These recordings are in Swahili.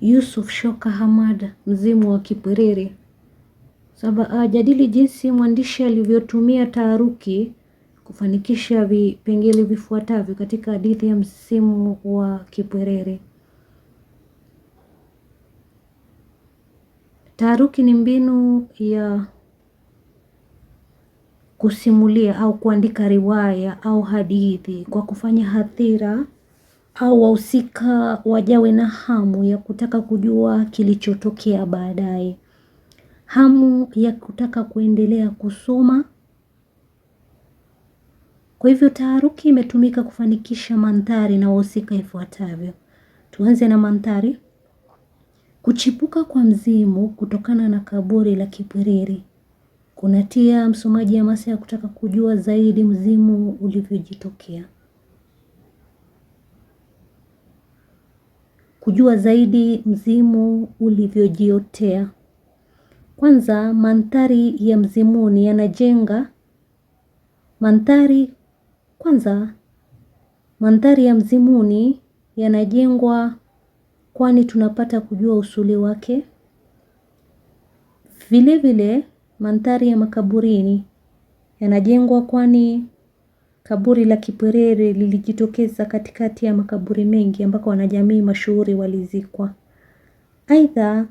Yusuf Shoka Hamada, Mzimu wa Kipwerere. Saba, ajadili ah, jinsi mwandishi alivyotumia taharuki kufanikisha vipengele vifuatavyo katika hadithi ya msimu wa Kipwerere. Taharuki ni mbinu ya kusimulia au kuandika riwaya au hadithi kwa kufanya hadhira au wahusika wajawe na hamu ya kutaka kujua kilichotokea baadaye, hamu ya kutaka kuendelea kusoma. Kwa hivyo taharuki imetumika kufanikisha mandhari na wahusika ifuatavyo. Tuanze na mandhari. Kuchipuka kwa mzimu kutokana na kaburi la Kipwerere kunatia msomaji hamasa ya kutaka kujua zaidi mzimu ulivyojitokea. kujua zaidi mzimu ulivyojiotea. Kwanza mandhari ya mzimuni yanajenga mandhari kwanza mandhari ya mzimuni yanajengwa kwani tunapata kujua usuli wake. Vile vile mandhari ya makaburini yanajengwa kwani Kaburi la Kipwerere lilijitokeza katikati ya makaburi mengi ambako wanajamii mashuhuri walizikwa. Aidha,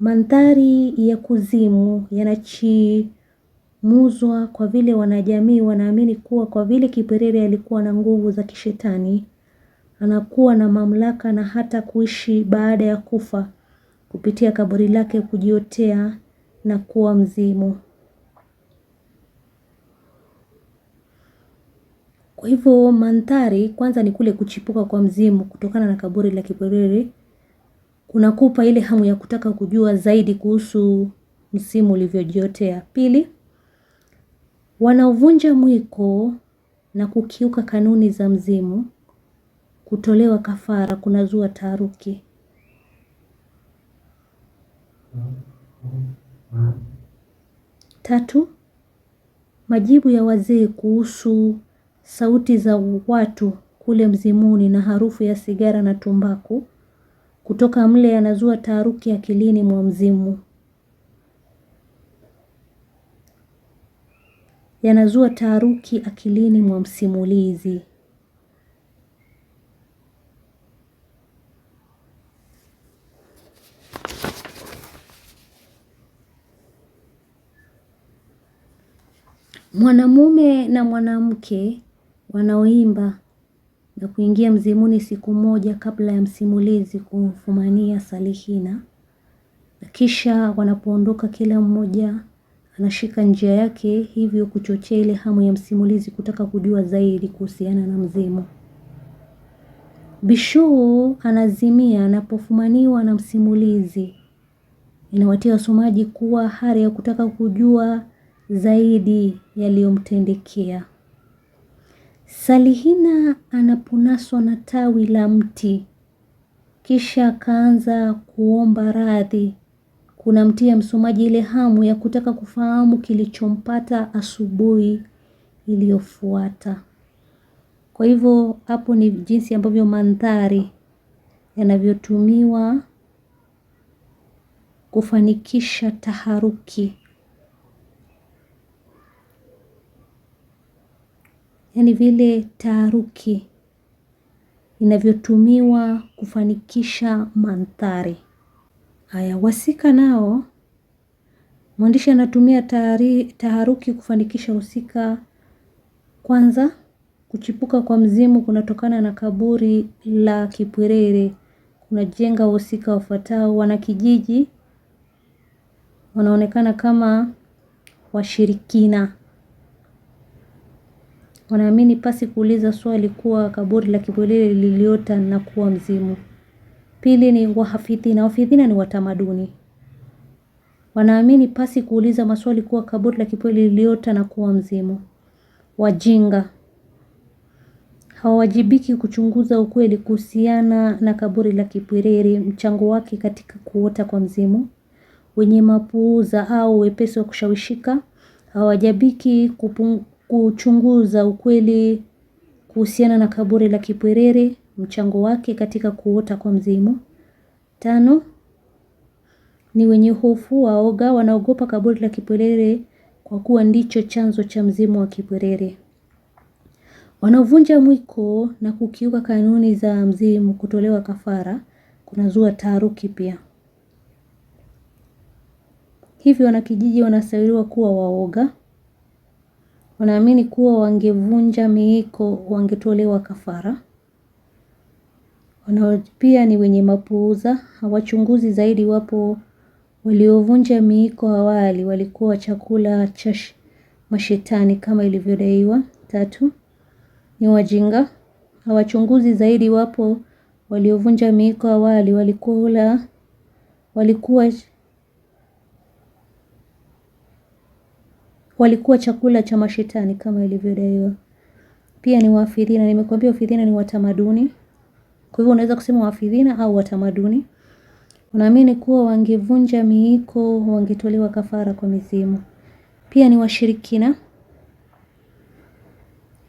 mandhari ya kuzimu yanachimuzwa kwa vile wanajamii wanaamini kuwa kwa vile Kipwerere alikuwa na nguvu za kishetani, anakuwa na mamlaka na hata kuishi baada ya kufa kupitia kaburi lake kujiotea na kuwa mzimu. Kwa hivyo mandhari kwanza ni kule kuchipuka kwa mzimu kutokana na kaburi la Kipwerere kunakupa ile hamu ya kutaka kujua zaidi kuhusu msimu ulivyojiotea. Pili, wanaovunja mwiko na kukiuka kanuni za mzimu kutolewa kafara kunazua taharuki. Tatu, majibu ya wazee kuhusu sauti za watu kule mzimuni na harufu ya sigara na tumbaku kutoka mle yanazua taharuki akilini mwa mzimu, yanazua taharuki akilini mwa msimulizi. Mwanamume na mwanamke wanaoimba na kuingia mzimuni siku moja kabla ya msimulizi kumfumania Salihina. na Kisha wanapoondoka, kila mmoja anashika njia yake, hivyo kuchochea ile hamu ya msimulizi kutaka kujua zaidi kuhusiana na mzimu. Bishuu anazimia anapofumaniwa na msimulizi. Inawatia wasomaji kuwa hari ya kutaka kujua zaidi yaliyomtendekea. Salihina anaponaswa na tawi la mti, kisha akaanza kuomba radhi, kunamtia msomaji ile hamu ya kutaka kufahamu kilichompata asubuhi iliyofuata. Kwa hivyo hapo ni jinsi ambavyo mandhari yanavyotumiwa kufanikisha taharuki. yani vile taaruki inavyotumiwa kufanikisha mandhari. Haya, wasika nao, mwandishi anatumia taharuki kufanikisha husika. Kwanza, kuchipuka kwa mzimu kunatokana na kaburi la Kipwerere, kunajenga wahusika wafuatao. Wanakijiji wanaonekana kama washirikina, Wanaamini pasi kuuliza swali kuwa kaburi la Kibolele liliota na kuwa mzimu. Pili ni wahafidhina. Wahafidhina ni watamaduni. Wanaamini pasi kuuliza maswali kuwa kaburi la Kibolele liliota na kuwa mzimu. Wajinga hawawajibiki kuchunguza ukweli kuhusiana na kaburi la kipwereri mchango wake katika kuota kwa mzimu. Wenye mapuuza au wepesi wa kushawishika hawajabiki kuchunguza ukweli kuhusiana na kaburi la Kipwerere, mchango wake katika kuota kwa mzimu. Tano, ni wenye hofu waoga wanaogopa kaburi la Kipwerere kwa kuwa ndicho chanzo cha mzimu wa Kipwerere. Wanaovunja mwiko na kukiuka kanuni za mzimu kutolewa kafara kunazua taharuki pia. Hivyo wanakijiji wanasawiriwa kuwa waoga wanaamini kuwa wangevunja miiko wangetolewa kafara. Pia ni wenye mapuuza, hawachunguzi zaidi iwapo waliovunja miiko awali walikuwa chakula cha mashetani kama ilivyodaiwa. Tatu, ni wajinga, hawachunguzi zaidi iwapo waliovunja miiko awali walikuwa walikuwa walikuwa chakula cha mashetani kama ilivyodaiwa. Pia ni wafidhina. nimekuambia Wafidhina ni watamaduni. Kwa hivyo unaweza kusema wafidhina au watamaduni. Unaamini kuwa wangevunja miiko, wangetolewa kafara kwa mizimu. Pia ni washirikina.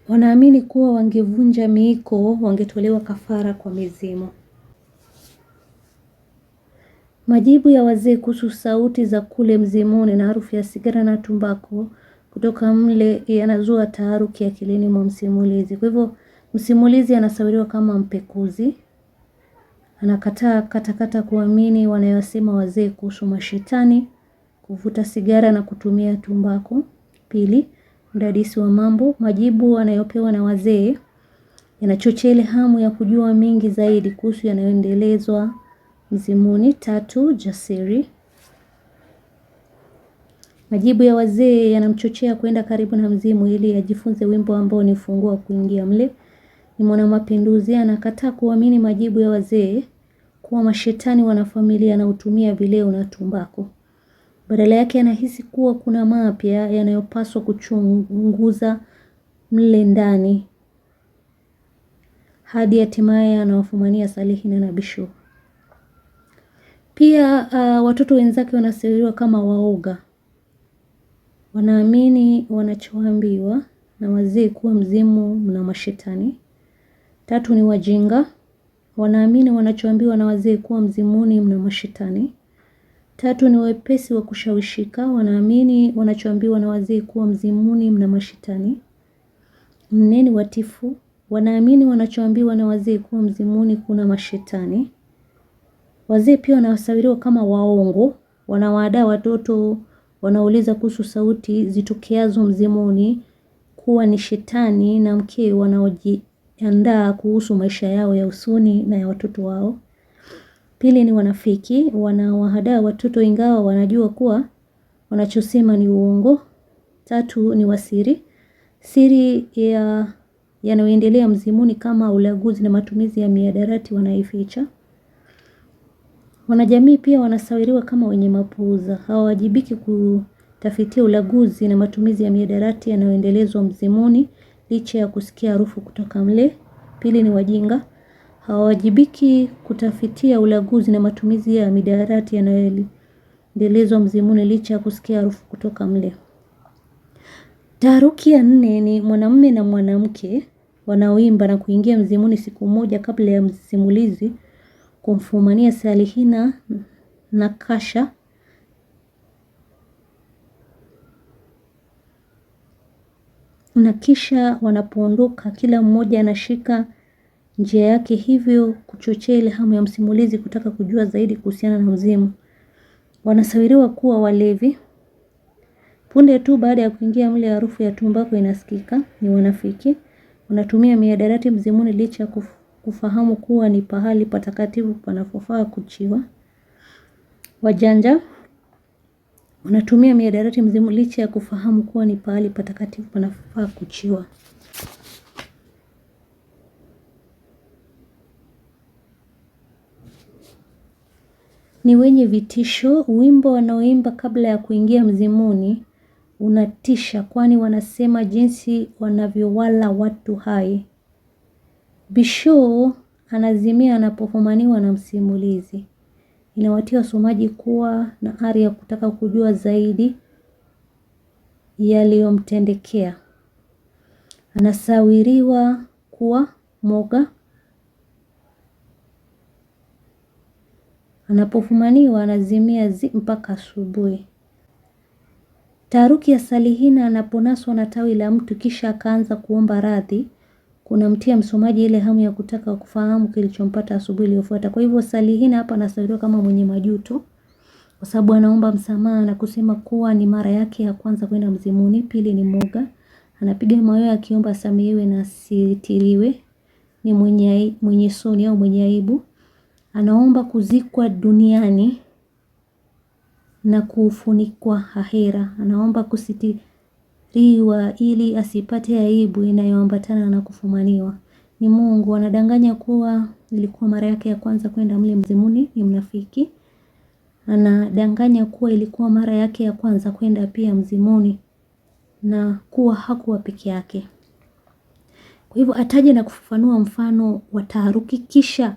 Wanaamini kuwa wangevunja miiko, wangetolewa kafara kwa mizimu. Majibu ya wazee kuhusu sauti za kule mzimuni na harufu ya sigara na tumbaku kutoka mle yanazua taharuki akilini mwa msimulizi. Kwa hivyo msimulizi anasawiriwa kama mpekuzi, anakataa katakata kuamini wanayosema wazee kuhusu mashetani, kuvuta sigara na kutumia tumbaku. Pili, mdadisi wa mambo, majibu anayopewa na wazee yanachochele hamu ya kujua mingi zaidi kuhusu yanayoendelezwa mzimuni. Tatu, jasiri Majibu ya wazee yanamchochea kwenda karibu na mzimu ili ajifunze wimbo ambao ni ufunguo wa kuingia mle. Ni mwanamapinduzi anakataa kuamini majibu ya wazee kuwa mashetani wanafamilia anaotumia vileo na tumbako Badala yake anahisi kuwa kuna mapya yanayopaswa kuchunguza mle ndani hadi hatimaye anawafumania Salihi na Nabishu. Pia uh, watoto wenzake wanaseriwa kama waoga wanaamini wanachoambiwa na wazee kuwa mzimu na mashetani. Tatu ni wajinga, wanaamini wanachoambiwa na wazee kuwa mzimuni mna mashetani. Tatu ni wepesi wa kushawishika, wanaamini wanachoambiwa na wazee kuwa mzimuni mna mashetani. Nne ni watifu, wanaamini wanachoambiwa na wazee kuwa mzimuni kuna mashetani. Wazee pia wanasawiriwa kama waongo, wanawaadaa watoto Wanauliza kuhusu sauti zitokeazo mzimuni kuwa ni shetani na mke wanaojiandaa kuhusu maisha yao ya usoni na ya watoto wao. Pili ni wanafiki, wanawahadaa watoto ingawa wanajua kuwa wanachosema ni uongo. Tatu ni wasiri. Siri ya yanayoendelea mzimuni kama ulaguzi na matumizi ya miadarati wanaificha. Wanajamii pia wanasawiriwa kama wenye mapuuza, hawawajibiki kutafitia ulaguzi na matumizi ya miadarati yanayoendelezwa mzimuni licha ya kusikia harufu kutoka mle. Pili ni wajinga, hawawajibiki kutafitia ulaguzi na matumizi ya midarati yanayoendelezwa mzimuni licha ya kusikia harufu kutoka mle. Taharuki ya nne ni mwanamume na mwanamke wanaoimba na kuingia mzimuni siku moja kabla ya msimulizi kumfumania Salihina na Kasha na kisha wanapoondoka kila mmoja anashika njia yake, hivyo kuchochea ile hamu ya msimulizi kutaka kujua zaidi kuhusiana na uzimu. Wanasawiriwa kuwa walevi. Punde tu baada ya kuingia mle, harufu ya tumbako inasikika. Ni wanafiki, wanatumia miadarati mzimuni licha ya kufu kufahamu kuwa ni pahali patakatifu panapofaa kuchiwa. Wajanja wanatumia miadarati mzimu licha ya kufahamu kuwa ni pahali patakatifu panapofaa kuchiwa. Ni wenye vitisho. Wimbo wanaoimba kabla ya kuingia mzimuni unatisha, kwani wanasema jinsi wanavyowala watu hai bisho anazimia anapofumaniwa na msimulizi. Inawatia wasomaji kuwa na ari ya kutaka kujua zaidi yaliyomtendekea. Anasawiriwa kuwa moga Anapofumaniwa anazimia zi mpaka asubuhi. Taharuki ya Salihina anaponaswa na tawi la mtu kisha akaanza kuomba radhi unamtia msomaji ile hamu ya kutaka kufahamu kilichompata asubuhi iliyofuata. Kwa hivyo Salihina hapa anasawiriwa kama mwenye majuto kwa sababu anaomba msamaha na kusema kuwa ni mara yake ya kwanza kwenda mzimuni. Pili ni moga anapiga mayowe akiomba asamehewe na asitiriwe. Ni mwenye, mwenye soni au mwenye aibu, anaomba kuzikwa duniani na kufunikwa ahera, anaomba kusiti liwa ili asipate aibu inayoambatana na kufumaniwa. Ni Mungu anadanganya kuwa ilikuwa mara yake ya kwanza kwenda mle mzimuni, ni mnafiki. Anadanganya kuwa ilikuwa mara yake ya kwanza kwenda pia mzimuni na kuwa hakuwa peke yake. Kwa hivyo ataje na kufafanua mfano wa taharuki kisha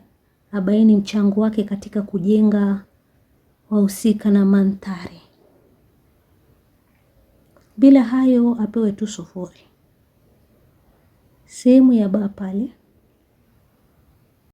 abaini mchango wake katika kujenga wahusika na mandhari. Bila hayo apewe tu sufuri. Sehemu ya baa pale